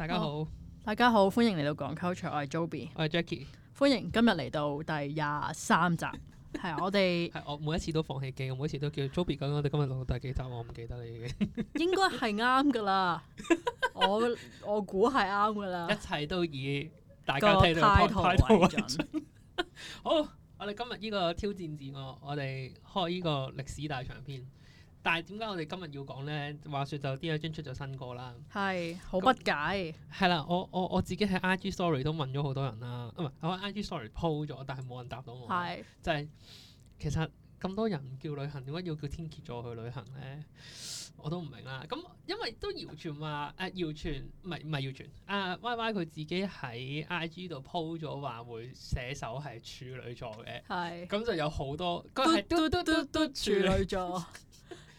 大家好，大家好，歡迎嚟到講 culture 我係 Joby 我係 Jacky，歡迎今日嚟到第廿三集，係 我哋係 我每一次都放棄記，我每一次都叫 Joby 咁，我哋今日錄到第幾集我唔記得啦已經，應該係啱噶啦，我 我估係啱噶啦，一切都以大家態 度為準。準 好，我哋今日呢個挑戰自我，我哋開呢個歷史大長篇。但係點解我哋今日要講咧？話説就 Dear Jane 出咗新歌啦，係好不解。係啦，我我我自己喺 IG Story 都問咗好多人啦，唔係我 IG Story post 咗，但係冇人答到我。係是就係、是、其實咁多人叫旅行，點解要叫天蠍座去旅行咧？我都唔明啦。咁因為都謠傳話，誒謠傳唔係唔係謠傳，啊，傳傳啊 Y Y 佢自己喺 IG 度 post 咗話會寫手係處女座嘅，係咁是就有好多，都都都都處女座。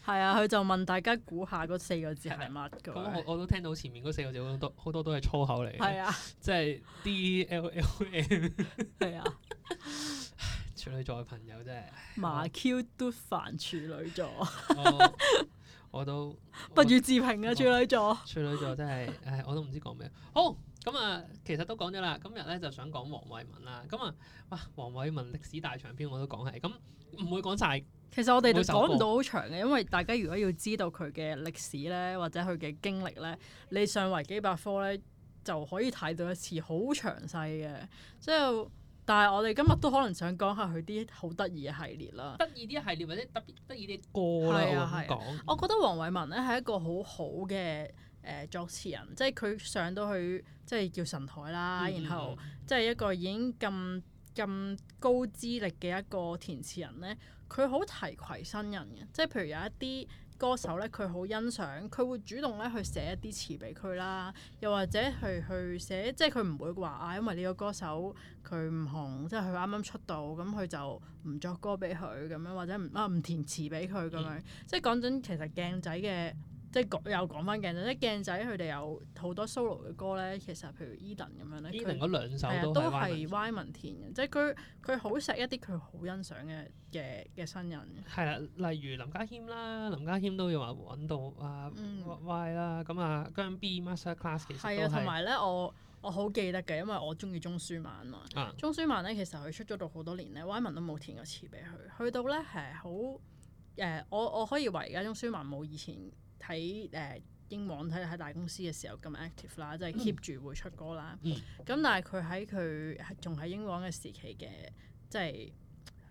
係啊，佢就問大家估下嗰四個字係乜嘅。咁我我都聽到前面嗰四個字好多好多都係粗口嚟。係啊，即係 D L L M。係啊， 處女座嘅朋友真係麻 Q 都煩處女座。我都不如自評啊，處女座。處女座真係，唉，我都唔知講咩。好，咁、嗯、啊，其實都講咗啦。今日咧就想講黃偉文啦。咁、嗯、啊，哇，黃偉文歷史大長篇我都講係，咁唔會講晒。其實我哋就講唔到好長嘅，因為大家如果要知道佢嘅歷史咧，或者佢嘅經歷咧，你上維基百科咧就可以睇到一次好詳細嘅。之後，但係我哋今日都可能想講下佢啲好得意嘅系列啦。得意啲系列或者特別得意啲歌咯，講了。啊啊啊、我覺得黃偉文咧係一個好好嘅誒作詞人，即係佢上到去即係叫神台啦，然後即係、嗯、一個已經咁。咁高資歷嘅一個填詞人呢，佢好提攜新人嘅，即係譬如有一啲歌手呢，佢好欣賞，佢會主動呢去寫一啲詞俾佢啦，又或者去去寫，即係佢唔會話啊，因為呢個歌手佢唔紅，即係佢啱啱出道，咁佢就唔作歌俾佢咁樣，或者唔啊唔填詞俾佢咁樣，即係講真，其實鏡仔嘅。即係講又講返鏡、鏡仔，即係鏡仔佢哋有好多 solo 嘅歌咧。其實譬如、e、Eden 咁樣咧，Eden 嗰兩首都係 Wyman 填嘅。的即係佢佢好錫一啲佢好欣賞嘅嘅嘅新人。係啦，例如林家謙啦，林家謙都要話揾到啊歪歪、嗯、啦，咁啊姜 B master class 其實都係。係啊，同埋咧，我我好記得嘅，因為我鍾意鍾舒漫嘛啊。啊。鍾舒漫咧，其實佢出咗到好多年咧，Wyman 都冇填個詞俾佢。去到咧係好誒，我我、我可以話而家鍾舒漫冇以前。喺誒英皇睇喺大公司嘅時候咁 active 啦，即係 keep 住會出歌啦。咁、嗯、但係佢喺佢仲喺英皇嘅時期嘅，即係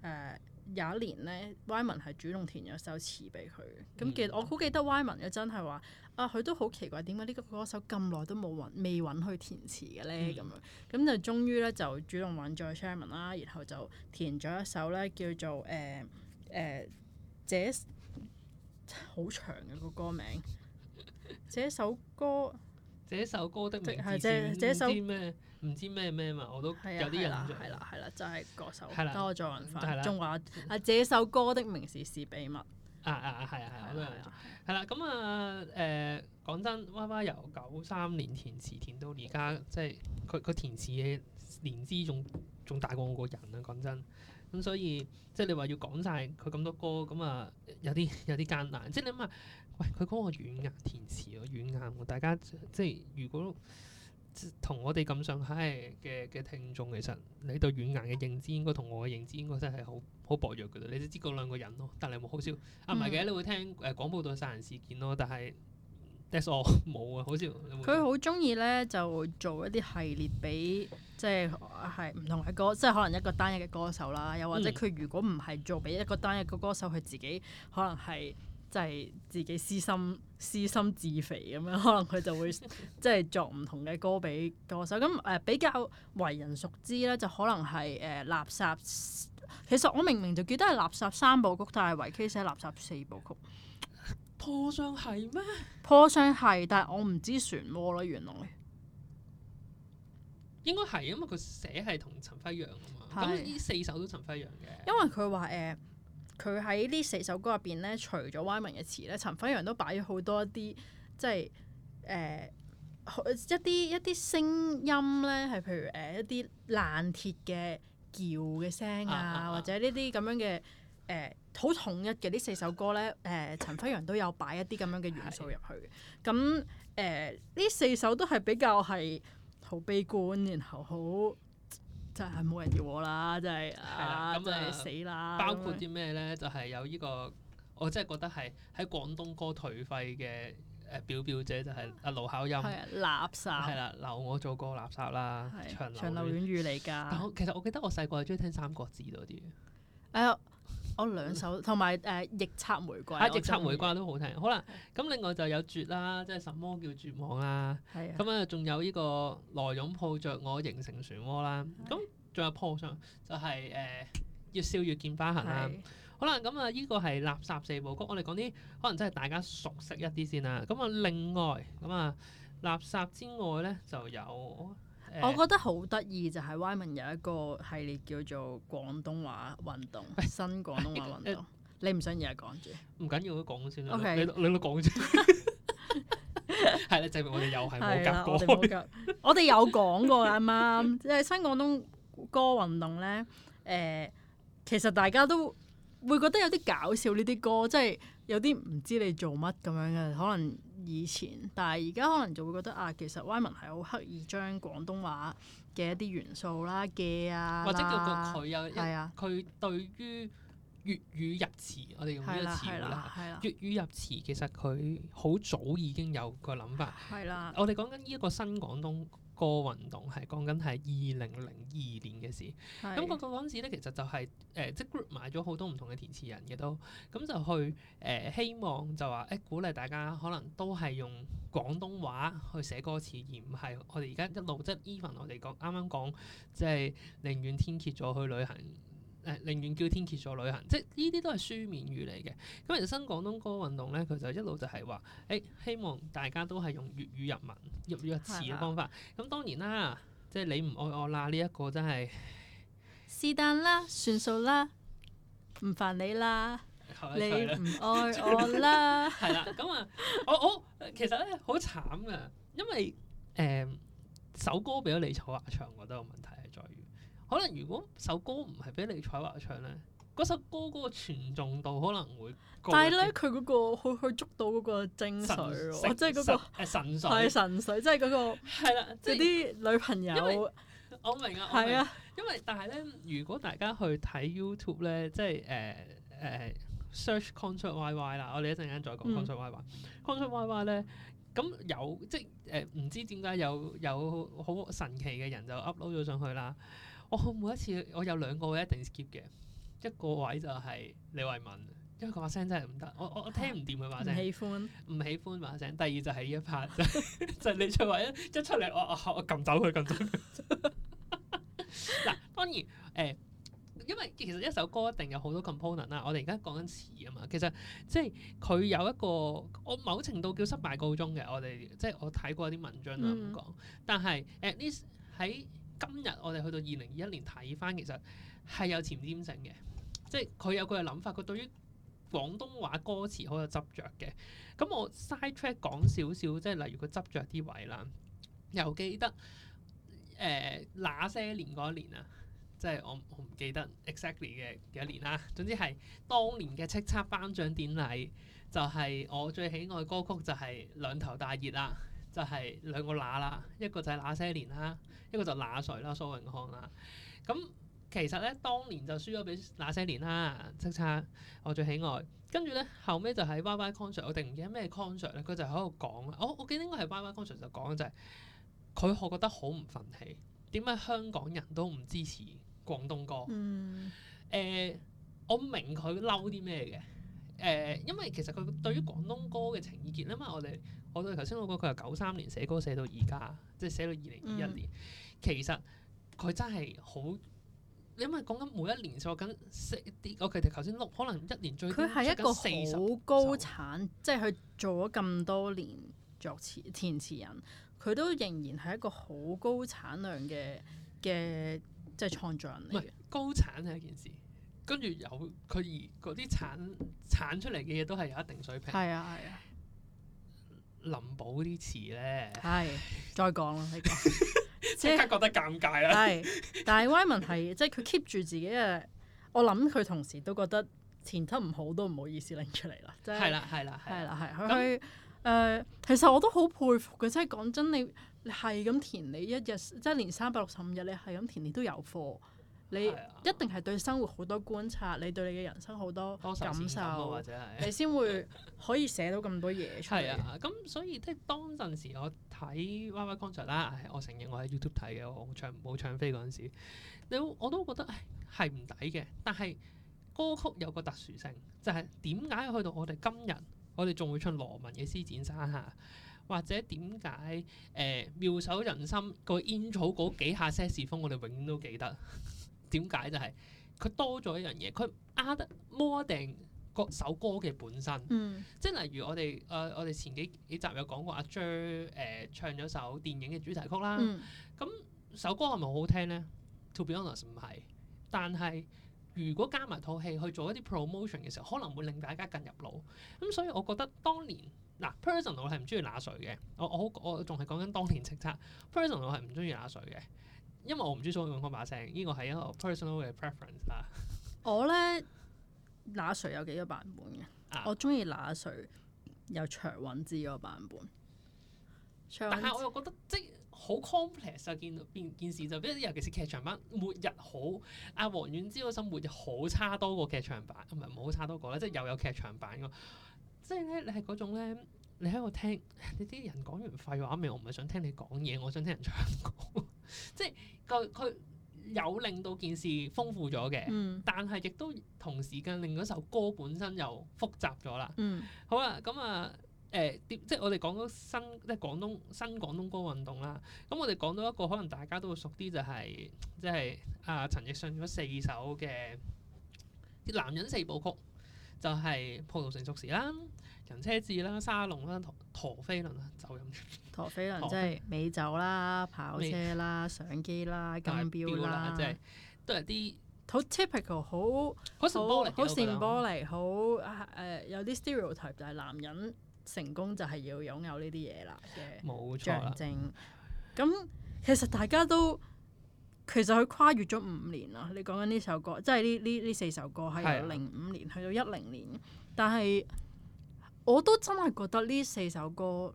誒有一年呢 Wyman 係主動填咗首詞俾佢。咁記、嗯、我好記得 Wyman 嘅真係話啊，佢都好奇怪點解呢個歌手咁耐都冇揾未揾佢填詞嘅呢。咁、嗯、樣。咁就終於呢，就主動揾咗 Sherman 啦，然後就填咗一首呢，叫做誒誒這。呃呃好長嘅個歌名，這首歌，這首歌的名字係這首咩？唔知咩咩嘛，我都有啲印象。係啦，係啦，就係嗰首。係啦，多謝作云翻中話啊，這首歌的名字是秘密。啊啊，係啊係啊，係啦。咁啊，誒，講真，娃娃由九三年填詞填到而家，即係佢佢填詞嘅年資仲仲大過我個人啊，講真。咁、嗯、所以即係你話要講晒佢咁多歌，咁啊有啲有啲艱難。即係你諗下，喂佢講個軟硬填詞喎，哦，軟硬，大家即係如果同我哋咁上下嘅嘅聽眾，其實你對軟硬嘅認知應該同我嘅認知應該真係好好薄弱㗎。你都知嗰兩個人咯。但係冇好少，唔係嘅，你會聽誒、呃、廣播道殺人事件咯。但係。that's 但係我冇啊，好似佢好鍾意咧，就做一啲系列俾即係係唔同嘅歌，即係可能一個單一嘅歌手啦。又或者佢如果唔係做俾一個單一嘅歌手，佢、嗯、自己可能係即係自己私心私心自肥咁樣，可能佢就會 即係作唔同嘅歌俾歌手。咁、嗯、誒、呃、比較為人熟知咧，就可能係誒、呃、垃圾。其實我明明就記得係垃圾三部曲，但係維基寫垃圾四部曲。破相係咩？破相係，但係我唔知漩渦咯，原來應該係，因為佢寫係同陳輝陽啊嘛。咁呢的四首都陳輝陽嘅。因為佢話誒，佢喺呢四首歌入邊咧，除咗歪文嘅詞咧，陳輝陽都擺咗好多啲，即係誒、呃，一啲一啲聲音咧，係譬如誒、呃、一啲爛鐵嘅叫嘅聲啊，啊啊啊或者呢啲咁樣嘅。誒，好統一嘅呢四首歌咧，誒、呃，陳輝陽都有擺一啲咁樣嘅元素入去嘅。咁、哎呀，誒、嗯，呢、呃、四首都係比較係好悲觀，然後好就係、是、冇人要我啦，真、就、係、是、啊，咁、嗯、就死啦！啊、包括啲咩咧？就係、是、有呢、這個，我真係覺得係喺廣東歌頹廢嘅，誒表表者就係阿盧巧音垃圾係啦，留我做歌垃圾啦，長的長流軟語嚟㗎。其實我記得我細個係中意聽《三國志》嗰、啊、啲。誒。我、哦、兩首，同埋誒逆插玫瑰。啊，逆插玫瑰都好聽。好啦，咁、嗯、另外就有絕啦，即係什麼叫絕望啊？係。咁啊，仲有呢個來擁抱著我形成漩渦啦。咁仲、啊、有破相，就係、是、誒、呃、越笑越見花痕啦。啊、好啦，咁啊，呢個係垃圾四部曲。我哋講啲可能真係大家熟悉一啲先啦。咁啊，另外咁啊，垃圾之外咧就有。我覺得好得意就係 Wyman 有一個系列叫做廣東話運動，新廣東話運動。你唔想日日講住？唔緊要都講先啦。Okay. 你你都講住，係 啦， 證明我哋又係冇夾過。我哋有講 過啱啱，即係 新廣東歌運動咧。誒、呃，其實大家都會覺得有啲搞笑呢啲歌，即係有啲唔知你做乜咁樣嘅，可能。以前，但係而家可能就會覺得啊，其實 Wyman 係好刻意將廣東話嘅一啲元素啦、嘅啊，或者叫做佢有，佢、啊、對於粵語入詞，我哋用呢個詞語啦。啊啊啊、粵語入詞其實佢好早已經有個諗法。係啦、啊。我哋講緊呢一個新廣東個運動係講緊係二零零二年嘅事，咁嗰、嗯、個嗰時咧，其實就係誒即 group 埋咗好多唔同嘅填詞人嘅都，咁、嗯、就去誒、呃、希望就話誒、呃、鼓勵大家可能都係用廣東話去寫歌詞，而唔係我哋而家一路即 even 我哋講啱啱講即係寧願天結咗去旅行。誒、呃，寧願叫天蠍座旅行，即係呢啲都係書面語嚟嘅。咁人生廣東歌運動咧，佢就一路就係話：誒、欸，希望大家都係用粵語入文、粵語入詞嘅方法。咁的當然啦，即係你唔愛我啦，呢、這、一個真係是但啦，算數啦，唔煩你啦， 你唔愛我啦。係 啦，咁啊，我、哦、我、哦、其實咧好慘嘅，因為誒、呃、首歌俾咗李彩華唱，我都有問題。可能如果首歌唔係俾李彩華唱咧，嗰首歌嗰個傳頌度可能會高，但係咧佢嗰個可以捉到嗰個精髓喎，即係嗰個係神髓係神髓，即係嗰個係啦，即係啲女朋友。我明啊，係啊，的因為但係咧，如果大家去睇 YouTube 咧，即係誒誒、呃、search、呃、Concert YY 啦，我哋一陣間再講、嗯、Concert YY，Concert YY 咧咁有即係誒唔知點解有有好神奇嘅人就 upload 咗上去啦。我每一次我有兩個位一定 skip 嘅，一個位就係李慧敏，因為佢把聲真係唔得，我我我聽唔掂佢把聲。啊、喜歡，唔喜歡把聲。第二就係呢一 part， 就就李翠慧一出嚟，我我我撳走佢撳走佢。嗱， 當然誒、欸，因為其實一首歌一定有好多 component 啦。我哋而家講緊詞啊嘛，其實即係佢有一個我某程度叫失敗告終嘅。我哋即係我睇過啲文章啦，咁講、嗯，但係 at least in。今日我哋去到二零二一年睇翻，其實係有前瞻性嘅，即係佢有佢嘅諗法，佢對於廣東話歌詞好有執着嘅。咁我 side track 講少少，即係例如佢執着啲位啦，又記得誒那、呃、些年嗰一年啊，即係我我唔記得 exactly 嘅幾多年啦，總之係當年嘅叱咤頒獎典禮，就係、是、我最喜愛歌曲就係兩頭大熱啦。就係兩個乸啦，一個就係那些年啦，一個就哪誰啦，蘇永康啦。咁其實咧，當年就輸咗俾那些年啦，叱咤我最喜愛。跟住咧，後尾就係 Y Y concert，我定唔記得咩 concert 咧，佢就喺度講。我我記得應該係 Y Y concert 就講就係，佢我覺得好唔憤氣，點解香港人都唔支持廣東歌？誒、嗯呃，我唔明佢嬲啲咩嘅。誒、呃，因為其實佢對於廣東歌嘅情意結因為嘛，我哋我哋頭先我講佢由九三年寫歌寫到而家，即係寫到二零二一年，嗯、其實佢真係好，因為講緊每一年作緊寫一啲，我哋頭先錄可能一年最佢係一個好高產，即係佢做咗咁多年作詞填詞人，佢都仍然係一個好高產量嘅嘅即係創作人嚟嘅，高產係一件事。跟住有佢而嗰啲產產出嚟嘅嘢都係有一定水平。係啊係啊，啊林寶啲詞咧。係，再講啦，你講即刻覺得尷尬啦。係，但係 Wyman 係即係佢 keep 住自己嘅， 我諗佢同時都覺得前輯唔好都唔好意思拎出嚟啦。係啦係啦係啦係，咁誒其實我都好佩服佢。即係、真係講真，你係咁填，你一日即係連三百六十五日你係咁填，你都有貨。你一定係對生活好多觀察，啊、你對你嘅人生好多感受，感啊、或者係你先會可以寫到咁多嘢出嚟。咁、啊、所以即係當陣時我，我睇《Y Y Concert》啦。我承認我喺 YouTube 睇嘅，我唱冇唱飛嗰陣時，你我都覺得係唔抵嘅。但係歌曲有個特殊性，就係點解去到我哋今日，我哋仲會唱羅文嘅《獅子山下》， 或者點解誒妙手人心、個煙草嗰幾下 e 時風，series, 我哋永遠都記得。點解就係、是、佢多咗一樣嘢，佢 add more 定個首歌嘅本身，嗯、即係例如我哋誒、呃、我哋前幾幾集有講過阿 J 誒、呃、唱咗首電影嘅主題曲啦，咁、嗯、首歌係咪好好聽咧？To be honest 唔係，但係如果加埋套戲去做一啲 promotion 嘅時候，可能會令大家更入腦。咁、嗯、所以我覺得當年嗱，Personal 我係唔中意拿水嘅，我我我仲係講緊當年叱咤 Personal 我係唔中意拿水嘅。因為我唔中意用嗰把聲，呢個係一個 personal 嘅 preference 啦。我咧那誰有幾個版本嘅？我中意那誰有長韻字嗰個版本。啊、版本但係我又覺得即係好 complex 啊！Com plex, 見到件事就，比如尤其是劇場版末日好，阿黃遠之嗰生活日好差多過劇場版，同埋唔好差多過啦，即係又有劇場版嘅。即係咧，你係嗰種咧，你喺度聽你啲人講完廢話未？我唔係想聽你講嘢，我想聽人唱歌。即係佢佢有令到件事豐富咗嘅，嗯、但係亦都同時間令嗰首歌本身又複雜咗啦。嗯、好啦、啊，咁啊誒、呃，即係我哋講到新即係廣東新廣東歌運動啦。咁我哋講到一個可能大家都會熟啲、就係，就係即係阿陳奕迅嗰四首嘅《男人四部曲》，就係、是、葡萄成熟時啦。人車誌啦，沙龍啦，陀陀飛輪啦，酒飲。陀飛輪即係美酒啦，跑車啦，相機啦，金錶啦，彪彪啦，即係都係啲好 typical，好好好扇玻璃，好誒、呃、有啲 stereotype，就係男人成功就係要擁有呢啲嘢啦嘅象徵。咁其實大家都其實佢跨越咗五年啦。你講緊呢首歌，即係呢呢呢四首歌係零五年去到一零年，一零年，但係。但我都真係覺得呢四首歌，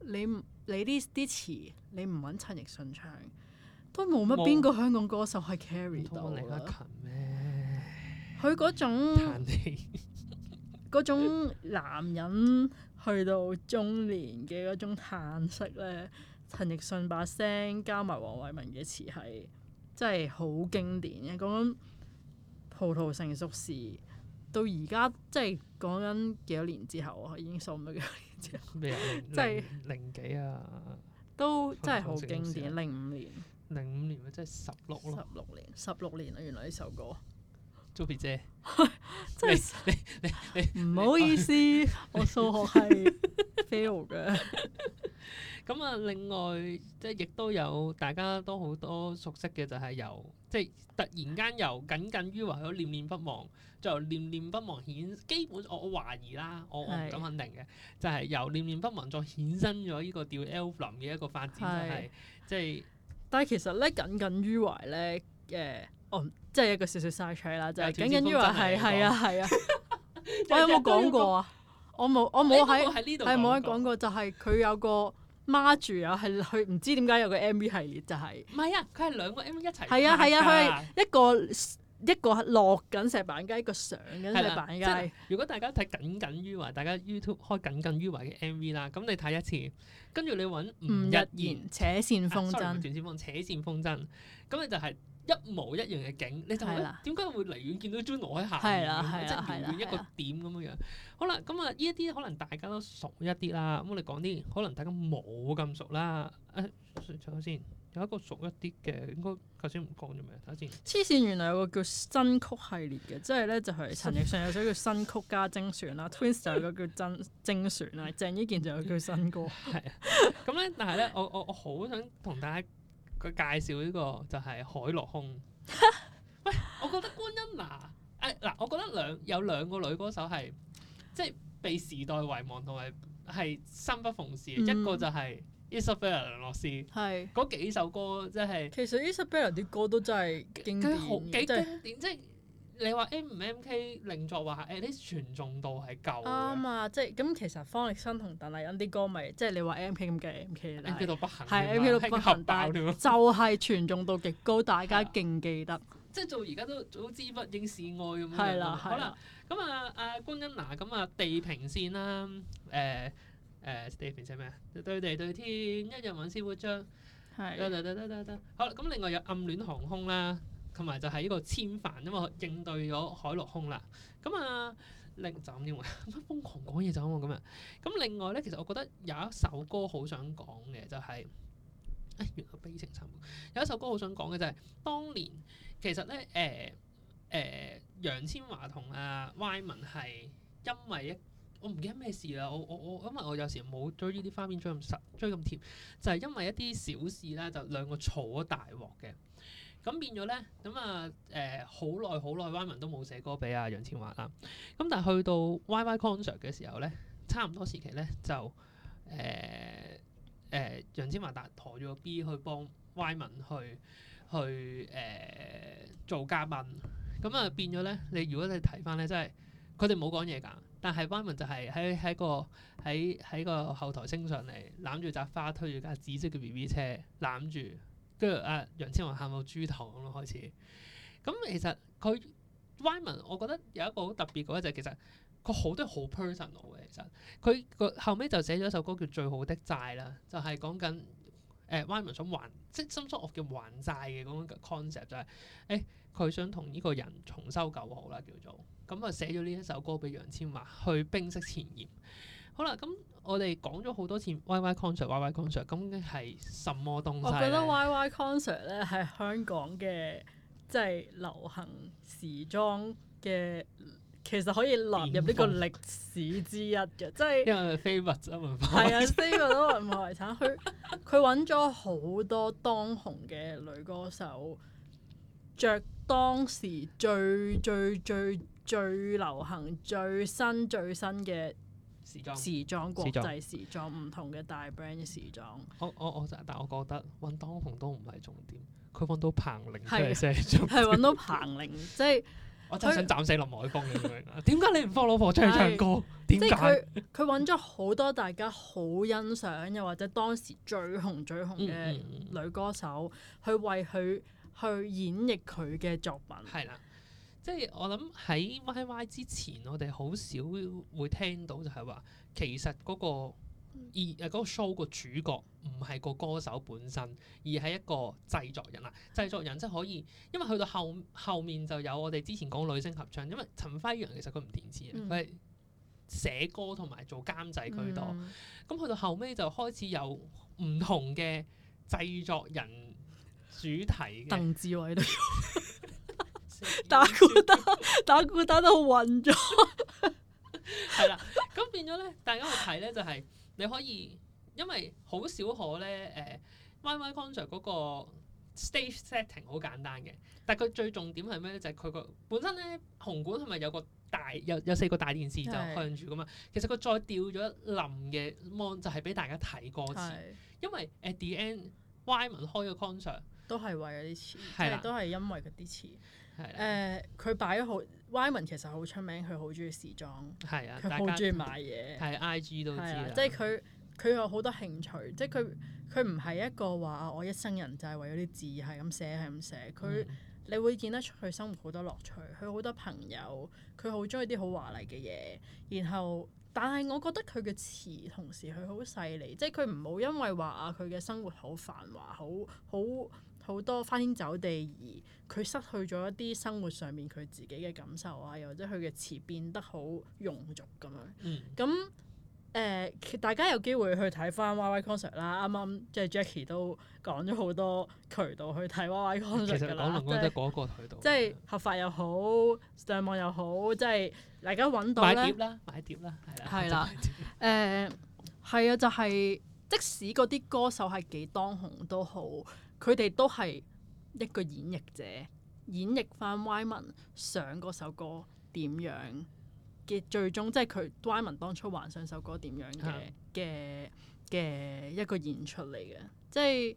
你你呢啲詞，你唔揾陳奕迅唱，都冇乜邊個香港歌手可以 carry 到啦。佢嗰種嗰但你 種男人去到中年嘅嗰種嘆息咧，陳奕迅把聲加埋黃偉文嘅詞係，係真係好經典嘅嗰種葡萄成熟時。到而家即係講緊幾多年之後啊，已經數唔到幾多年之後，即係零幾啊，都真係好經典，零五年，零五年咪即係十六咯，十六年，十六年啊，原來呢首歌，Jovi 姐， 真係你你唔 好意思， 我數學係 fail 嘅。 咁啊，另外即係亦都有，大家都好多熟悉嘅就係由即係突然間由耿耿於懷咗，念念不忘，就念念不忘顯基本，我我懷疑啦，我我唔敢肯定嘅，就係由念念不忘再衍生咗呢個叫 Elfin 嘅一個發展，就係即係，但係其實咧耿耿於懷咧，誒，我即係一個少少 side trip 啦，就耿耿於懷係係啊係啊，我有冇講過啊？我冇，我冇喺喺冇喺講過，就係佢有個。孖住啊，佢唔知點解有個 M V 系列就係、是。唔係啊，佢係兩個 M V 一齊。係啊係啊，佢係一個一個落緊石板街，一個上緊石板街。如果大家睇《耿耿於懷》，大家，家 YouTube 開《耿耿於懷》嘅 M V 啦，咁你睇一次，跟住你揾吳日言扯線風箏，扯線風箏，咁你就係一模一樣嘅景，你就點解會離遠見到磚墮喺下面，即係一個點咁樣。 好啦，咁啊，呢一啲可能大家都熟一啲啦，咁我哋講啲可能大家冇咁熟啦。誒，坐下先，有一個熟一啲嘅，應該頭先唔講咗咩？睇下先，黐線，原來有個叫新曲系列嘅，即係咧就係陳奕迅有首叫新曲加精選啦 ，Twins 有個叫精 精選啦，鄭伊健就有個新歌。係 啊，咁咧，但係咧，我我我好想同大家個介紹呢、呢個就係、係、《海陸空》。 喂，我覺得觀音啊，誒、哎、嗱，我覺得兩有兩個女歌手係。即係被時代遺忘同埋係生不逢時，一個就係 Isabella 梁洛施，係嗰幾首歌即係。其實 Isabella 啲歌都真係勁好幾經典，即係你話 M 唔 MK 另作話誒啲傳重度係夠。啱啊！即係咁，其實方力申同鄧麗欣啲歌咪即係你話 MK 咁嘅 MK 嚟，MK 到不行，係 MK 到不行爆，就係傳重度極高，大家勁記得。即係做而家都早知不應示愛咁樣咯。好啦，咁啊阿官恩娜咁啊，地平線啦，誒、呃、誒、呃，地平線咩啊？對地對天，一日揾千 h o o 得得得得得得。好啦，咁另外有暗戀航空啦，同埋就係呢個千帆啊嘛，因為應對咗海陸空啦。咁啊，另暫認為乜瘋狂講嘢就咁啊咁啊。咁另外咧，其實我覺得有一首歌好想講嘅，就係、是。原來悲情三有一首歌好想講嘅，就係、是、當年其實咧誒誒楊千嬅同阿、啊、Wyman 係因為一我唔記得咩事啦，我我我因為我有時冇追呢啲花邊追咁實追咁貼，就係、是、因為一啲小事咧就兩個嘈咗大鑊嘅。咁變咗咧咁啊誒好耐好耐 Wyman 都冇寫歌俾阿、啊、楊千嬅啦，咁但係去到 Y Y Concert 嘅時候咧，差唔多時期咧就誒。呃誒、呃、楊千嬅搭陀咗個 B ee，去幫、w、Wyman 去去誒、呃、做嘉賓，咁啊變咗咧，你如果你睇翻咧，即係佢哋冇講嘢噶，但係 Wyman 就係喺喺個喺喺個後台升上嚟，攬住扎花，推住架紫色嘅 B B 車，攬住，跟住阿楊千嬅喊到豬頭咁咯，開始。咁其實佢 Wyman，我覺得有一個好特別嘅話就係、是、其實。佢好多好 personal 嘅，其實佢個後尾就寫咗一首歌叫《最好的債》啦，就係講緊誒 Wyman 想還，即係心酸我嘅還債嘅嗰種 concept 就係、是，誒、欸、佢想同呢個人重修舊好啦叫做，咁、嗯、啊寫咗呢一首歌俾楊千嬅去冰釋前嫌。好啦，咁我哋講咗好多次 YY Concert YY Concert，咁係什麼東西？我覺得 YY Concert 咧係香港嘅即係流行時裝嘅。其實可以納入呢個歷史之一嘅，即、就、係、是、 因為非物質文化。係啊，非物質文化遺產，佢佢揾咗好多當紅嘅女歌手，着當時最，最最最最流行、最新最新嘅時時裝、時裝國際時裝、唔同嘅大 brand 嘅時裝。時裝我我我，但我覺得揾當紅都唔係重點，佢揾到彭羚就係正。係揾、啊、到彭羚，即、就、係、是。 我真係想斬死林海峰咁樣，點解 你唔放老婆出去唱歌？係，點解？佢，佢揾咗好多大家好欣賞，又 或者當時最紅最紅嘅女歌手、嗯嗯、去為佢去演繹佢嘅作品。係啦，即係我諗喺 YY 之前，我哋好少會聽到就係話，其實嗰個。而誒嗰個 show 個主角唔係個歌手本身，而係一個製作人啊！製作人即係可以，因為去到後後面就有我哋之前講女聲合唱，因為陳輝陽其實佢唔填詞啊，佢係、嗯、寫歌同埋做監製居多、嗯。咁去到後尾，就開始有唔同嘅製作人主題。鄧志偉都打鼓打打鼓打到暈咗，係 啦。 咁變咗咧，大家去睇咧就係、是。你可以，因為好少可咧，誒、呃、Y Y concert 嗰個 stage setting 好簡單嘅，但佢最重點係咩咧？就係佢個本身咧，紅館係咪有個大有有四個大電視就向住噶嘛？是的 其實佢再掉咗一冧嘅幕就係俾大家睇歌詞，是的 因為 at the end Y 文開個 concert 都係為嗰啲詞，係是的 都係因為嗰啲詞，係啦是的、呃，佢擺咗好。Wyman 其實好出名，佢好中意時裝，係啊，佢好中意買嘢，係 IG 都知、啊、即係佢佢有好多興趣，嗯、即係佢佢唔係一個話我一生人就係為咗啲字係咁寫係咁寫。佢、嗯、你會見得出佢生活好多樂趣，佢好多朋友，佢好中意啲好華麗嘅嘢。然後但係我覺得佢嘅詞同時佢好細膩，即係佢唔好因為話啊佢嘅生活好繁華，好好。好多花天酒地，而佢失去咗一啲生活上面佢自己嘅感受啊，又或者佢嘅詞變得好庸俗咁樣。嗯。咁誒，大家有機會去睇翻 Y Y concert 啦。啱啱即係 Jackie 都講咗好多渠道去睇 Y Y concert。其實講嚟講去都係嗰一個渠道。即係合法又好，上網又好，即係大家揾到咧。買碟啦，買碟啦，係、嗯、啦。係啦、就係。係啊，就係即使嗰啲歌手係幾當紅都好。佢哋都係一個演繹者，演繹翻 Y 文上嗰首歌點樣嘅最終，即係佢 Y 文當初還上首歌點樣嘅嘅嘅一個演出嚟嘅，即係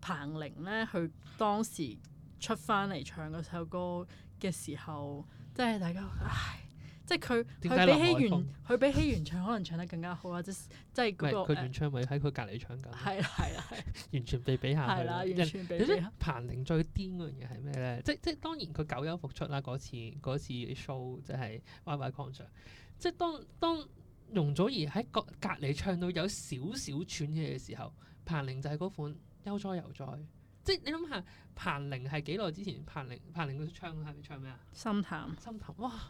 彭玲呢，佢當時出翻嚟唱嗰首歌嘅時候，即係大家唉。即係佢佢比起原佢比起原唱可能唱得更加好啊！即係即係唔係佢原唱咪喺佢隔離唱緊。係係係。 完全被比下去。係啦的，完全被人家彭羚最癲嗰樣嘢係咩咧？即即當然佢久休復出啦！嗰次嗰次 show 就係 Y Y concert。Her, 即當當容祖兒喺隔隔離唱到有少少喘氣嘅時候，彭羚就係嗰款悠哉悠哉。即你諗下，彭羚係幾耐之前彭？彭羚彭羚佢唱係咪唱咩啊？心淡談。心淡。哇、哦！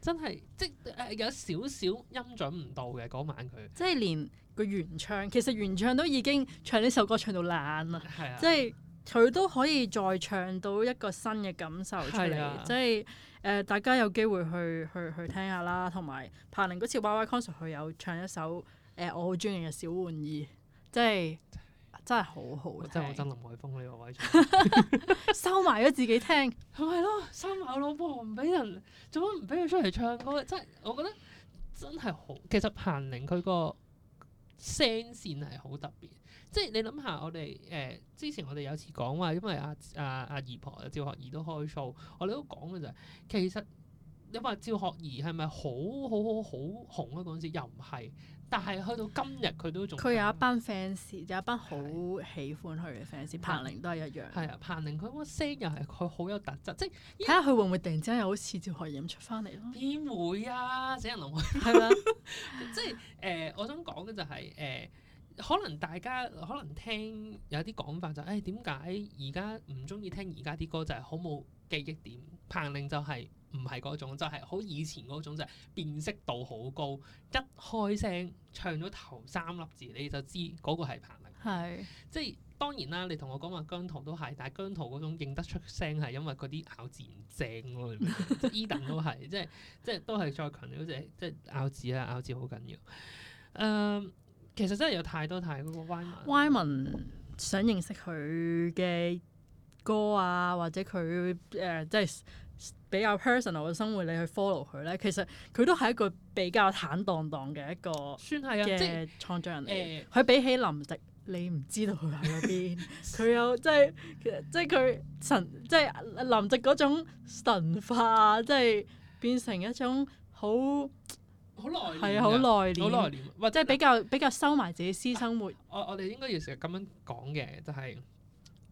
真係，即係、呃、有少少音準唔到嘅嗰晚佢。即係連個原唱，其實原唱都已經唱呢首歌唱到爛啦。係啊。即係佢都可以再唱到一個新嘅感受出嚟。係啊、即係誒、呃，大家有機會去去去，去聽下啦。同埋柏寧嗰次 YY Concert 佢有唱一首誒、呃，我好鍾意嘅小玩意，即係。真係好好，我真係好憎林海峰呢個位，收埋咗自己聽，係咯， 收埋我老婆唔俾人，做乜唔俾佢出嚟唱歌真係，我覺得真係好。其實彭羚佢個聲線係好特別，即係你諗下，我哋誒之前我哋有次講話，因為阿阿阿姨婆、趙學而都開數開 show，我哋都講嘅就係、是，其實你話趙學而係咪好好好好紅啊？嗰陣時又唔係。但係去到今日佢都仲，佢有一班 fans，有一班好喜歡佢嘅 fans。彭玲都係一樣。係啊，彭玲佢個聲又係佢好有特質，即係睇下佢會唔會突然之間又好似趙學而咁出翻嚟咯？點會啊？死人龍去係啦， 吧 即係誒、呃，我想講嘅就係、是、誒、呃，可能大家可能聽有啲講法就誒、是，點解而家唔中意聽而家啲歌就係好冇記憶點？彭玲就係、是。唔係嗰種，就係、是、好以前嗰種，就係、是、辨識度好高，一開聲唱咗頭三粒字你就知嗰個係彭羚。係是，即係當然啦，你同我講話姜濤都係，但係姜濤嗰種認得出聲係因為嗰啲咬字唔正咯。Ethan 都係，即係即係都係再強調，即係咬字啦，咬字好緊要。誒、呃，其實真係有太多太多個歪文，歪文想認識佢嘅歌啊，或者佢誒、呃、即係。比較 personal 嘅生活，你去 follow 佢咧，其實佢都係一個比較坦蕩蕩嘅一個創造，算係嘅，即係創作人嚟。佢比起林夕，呃、你唔知道佢喺邊，佢 有即係，即係佢神，即係林夕嗰種神化，即係變成一種好好內斂，係啊，好內斂，好內斂，或者比較、呃、比較收埋自己私生活。呃、我我哋應該要成日咁樣講嘅，就係。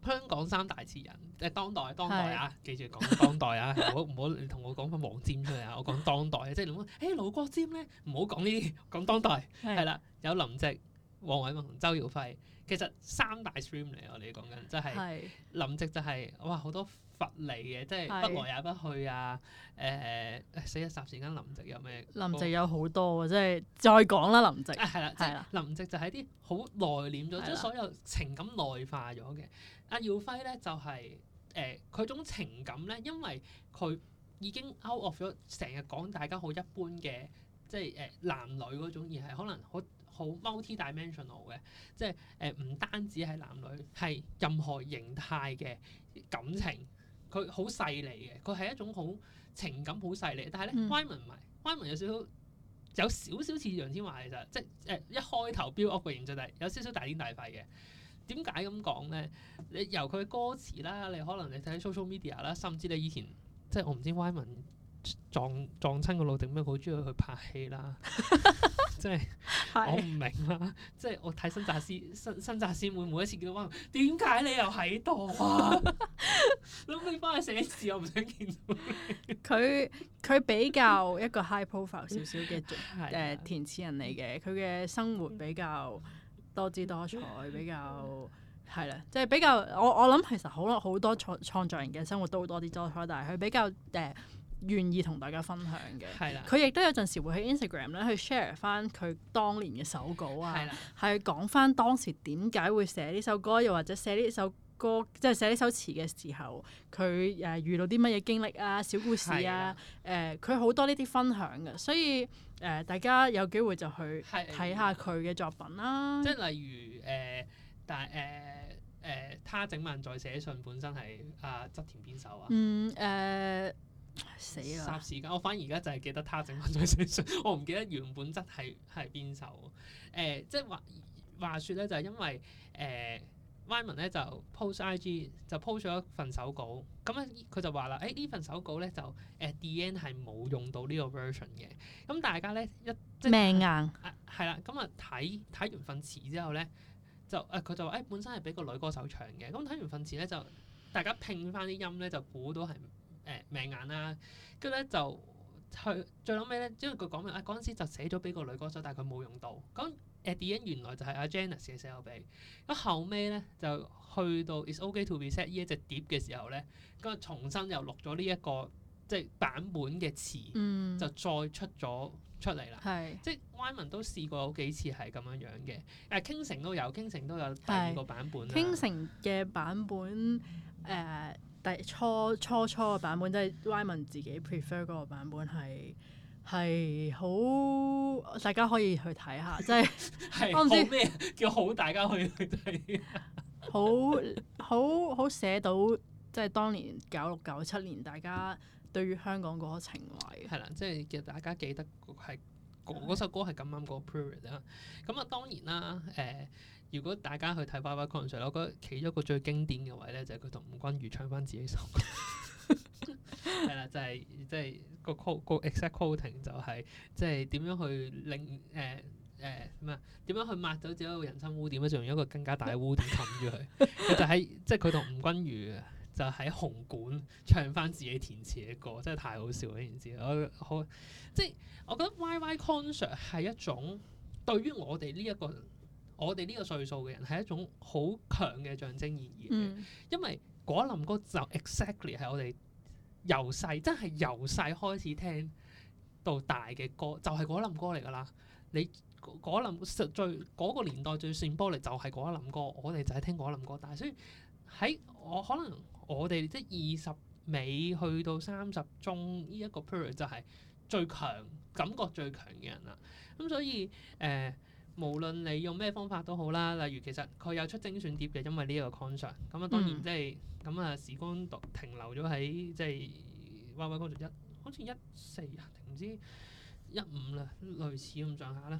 香港三大詞人，誒當代，當代啊，記住講當代啊，唔好唔好同我講返黃霑出嚟啊，我講當代即係誒盧國沾咧，唔好講呢啲，講當代，係啦， 有林夕、黃偉文同周耀輝，其實三大 stream 嚟，我哋講緊即係林夕就係、是、哇好多。佛嚟嘅，即係不來也不去啊！誒、呃，死一霎時間，林夕有咩？林夕有好多喎，即係再講啦，林夕。啊，係啦，係啦了。林夕就係啲好內斂咗，即係了所有情感內化咗嘅。阿、啊、耀輝咧就係誒佢種情感咧，因為佢已經 out of 咗，成日講大家好一般嘅，即係誒、呃、男女嗰種，而係可能好好 multi-dimensional 嘅，即係誒唔單止係男女，係任何形態嘅感情。佢好細膩嘅，佢係一種好情感好細膩。但係咧 Wyman 唔係 Wyman 有少少有少少似楊千嬅其實，即係誒、欸、一開頭標惡嘅形象，就係有少少大癲大肺嘅。點解咁講咧？你由佢嘅歌詞啦，你可能你睇 social media 啦，甚至你以前即係我唔知 Wyman 撞撞親個路定咩，好鍾意去拍戲啦。即係我唔明啦。即係我睇新紮師新新紮師妹每一次叫 Wyman 點解你又喺度啊？ 諗你返去寫字，我唔想見到佢佢 比較一個 high profile 少少嘅誒填詞人嚟嘅，佢嘅生活比較多姿多彩，比較係啦，即係、就是、比較我我諗其實好好多創創作人嘅生活都多啲多彩，但係佢比較誒、呃、願意同大家分享嘅。係啦的，佢亦都有陣時會喺 Instagram 咧去 share 翻佢當年嘅手稿啊，係講翻當時點解會寫呢首歌，又或者寫呢首。個即係寫呢首詞嘅時候，佢誒、呃、遇到啲乜嘢經歷啊、小故事啊，誒佢好多呢啲分享嘅，所以誒、呃、大家有機會就去睇下佢嘅作品啦。即係、就是、例如誒、呃，但誒誒、呃呃，他整晚在寫信本身係阿側田邊首啊？嗯誒、呃，死啦！霎時間我反而而家就係記得他整晚在寫信，我唔記得原本側係係邊首誒、啊呃？即係話話説咧，就係因為誒。呃 Wyman 咧就 post IG 就 post 咗一份手稿，咁啊佢就話啦，誒、哎、呢份手稿咧就誒 D N 係冇用到呢個 version 嘅，咁、嗯、大家咧一即命硬，係啦、啊，咁啊睇睇、嗯、完份詞之後咧，就誒佢就誒本身係俾個女歌手唱嘅，咁、嗯、睇完份詞咧就大家拼翻啲音咧就估到係誒、呃、命硬啦，跟住咧就去最撚尾咧，因為佢講明啊嗰陣時就寫咗俾個女歌手，但係佢冇用到咁。嗯。碟音原來就係阿 Janice 嘅手尾，咁後尾咧就去到 It's OK to Reset 呢一隻碟嘅時候咧，咁啊重新又錄咗呢一個即係版本嘅詞，嗯、就再出咗出嚟啦。係是，即 Wyman 都試過好幾次係咁樣樣嘅，誒傾城都有傾城都有第二個版本。傾城嘅版本誒、呃、第初，初初初嘅版本都 w、就是、Wyman 自己 prefer 嗰個版本係。係，好，大家可以去睇下，即係係好咩叫好？大家去去睇，好好好寫到即係當年九六九七年大家對於香港嗰個情懷。係啦， 即係叫大家記得係嗰首歌係咁啱嗰個 period 啦的。咁啊當然啦，誒、呃、如果大家去睇《Bye Bye Concert》，我覺得其中一個最經典嘅位咧，就係佢同吳君如唱翻自己首歌。 係啦， 就係即係個 c exact quoting 就係即係點樣去令誒誒咩？點、呃呃、樣去抹走自己一個人生污點咧？就用一個更加大嘅污點冚住佢。佢 就喺即係佢同吳君如就喺、是、紅館唱翻自己填詞嘅歌，真係太好笑呢件事。 我好即係、就是，我覺得 Y Y concert 係一種對於我哋呢一個我哋呢個歲數嘅人係一種好強嘅象徵意義因為。果林歌就 exactly 係我哋由細真係由細開始聽到大嘅歌，就係果林歌嚟噶啦。你果林最，在嗰個年代最閃玻璃就係果林歌，我哋就係聽果林歌。但係所以喺我可能，我哋即係二十尾去到三十中呢一個 period 就係最強感覺最強嘅人啦。咁所以誒。呃無論你用咩方法都好啦，例如其實佢有出精選碟嘅，因為呢個 concept。咁啊當然即係咁啊，嗯、時光度停留咗喺即係 Y Y 嗰度一，好似一四啊，定唔知一五啦，類似咁上下啦。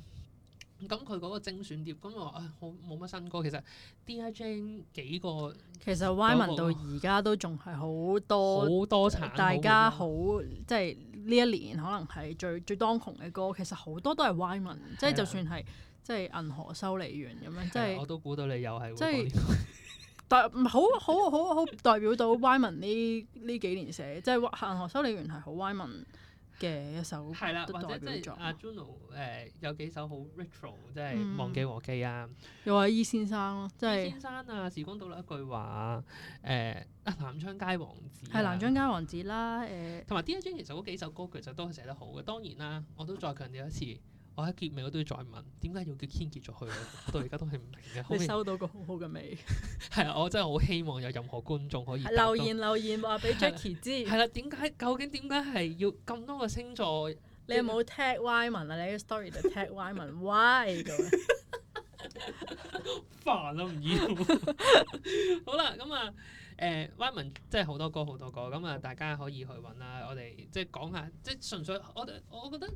咁佢嗰個精選碟，咁我話啊，好冇乜新歌。其實 DJ i 幾個，其實 Wyman 到而家都仲係好多好多產，大家好即係呢一年可能係最最當紅嘅歌。其實好多都係 Wyman，的即係就算係即係銀河修理員咁樣，即係我都估到你又係、就是。即係， 但係好好好好，好代表到 Wyman 呢呢 幾年寫，即係銀河修理員係好 Wyman。嘅一首，或者即係阿 Juno 誒、呃、有幾首好 retro，即係《忘記和記》啊，嗯、又話伊、e、先生咯，即係伊、e、先生啊，《時光倒流》一句話，誒、呃、阿南昌街王子，啊，係南昌街王子啦，誒同埋 Dear Jane 其實嗰幾首歌其實都係寫得好嘅，當然啦，我都再強調一次。我喺結尾我都要再問，點解要叫天蠍座？我到而家都係唔明嘅。 你收到個好好嘅尾。係啊！ 我真係好希望有任何觀眾可以 留言留言話俾 Jackie 知。係啦的，點解的？究竟點解係要咁多個星座？你有冇 tag Y 文啊？你嘅 story 就 tag Y 文，why 咁？煩啊！唔要。好啦，咁啊，誒、呃、Y 文即係好多歌好多歌，咁啊大家可以去揾啊！我哋即係講下，即係純粹我我覺得。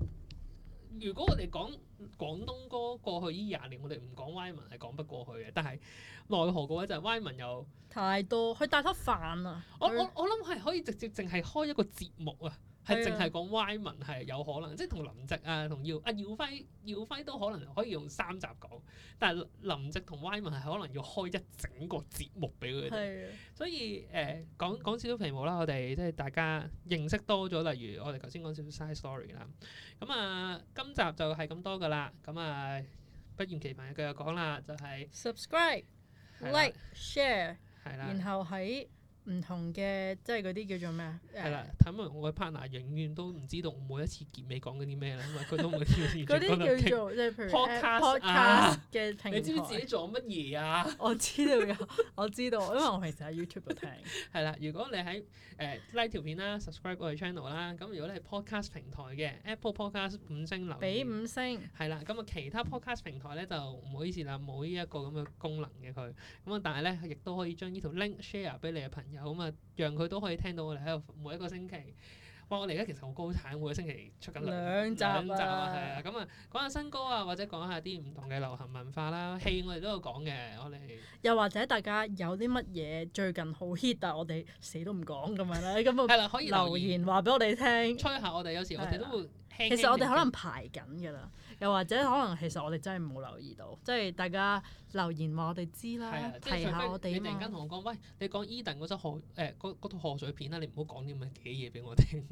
如果我哋講廣東歌過去呢廿年，我哋唔講歪文係講不過去嘅。但係奈何嘅話就係歪文又太多，佢帶得飯啊！我我我諗係可以直接淨係開一個節目啊！係淨係講 Wyman 係有可能，即係同林夕啊，同耀阿耀輝耀輝都可能可以用三集講，但係林夕同 Wyman 係可能要開一整個節目俾佢哋。係啊，所以誒講講少少題目啦，我哋即係大家認識多咗，例如我哋頭先講少少 side story 啦。咁啊，今集就係咁多噶啦。咁啊，不厭其煩繼續講啦，就係 subscribe、like、share，然後喺。唔同嘅，即係嗰啲叫做咩啊？係啦了，睇埋、嗯、我嘅 partner，永遠都唔知道每一次結尾講緊啲咩啦，因為佢都唔會知嗰啲叫做即係譬如 podcast 嘅、啊、平台，你知唔知自己做乜嘢啊？ 我知道 我知道，因為我平時喺 YouTube 度睇。係啦， 如果你喺誒拉條片啦，subscribe 我嘅 channel 啦，咁如果你係 podcast 平台嘅 Apple Podcast 五星留俾五星，係啦。咁啊，其他 podcast 平台咧就唔好意思啦，冇呢一個咁嘅功能嘅佢。咁但係咧亦都可以將呢條 link share 俾你嘅朋友。有啊嘛，讓佢都可以聽到我哋喺度每一個星期。哇！我哋而家其實好高產，每個星期出緊兩兩集啊。係啊，咁啊、嗯，講下新歌啊，或者講下啲唔同嘅流行文化啦、啊，戲我哋都有講嘅，我哋。又或者大家有啲乜嘢最近好 hit 啊？我哋死都唔講咁 樣啦。咁啊，係啦，可以留言話俾我哋聽。吹下我哋，有時我哋都會輕輕，其實我哋可能排緊㗎啦。又或者可能其實我哋真係冇留意到，即係大家留言話我哋知啦，即下、啊、我哋。你突然間同我講，喂，你講 Edan 嗰則河誒嗰套賀歲片啦，你唔好講啲咁嘅嘢俾我聽，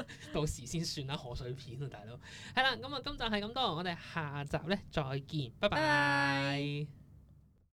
到時先算啦賀歲片啊，大佬。係 啦、嗯，咁啊今集係咁多，我哋下集咧再見，拜拜。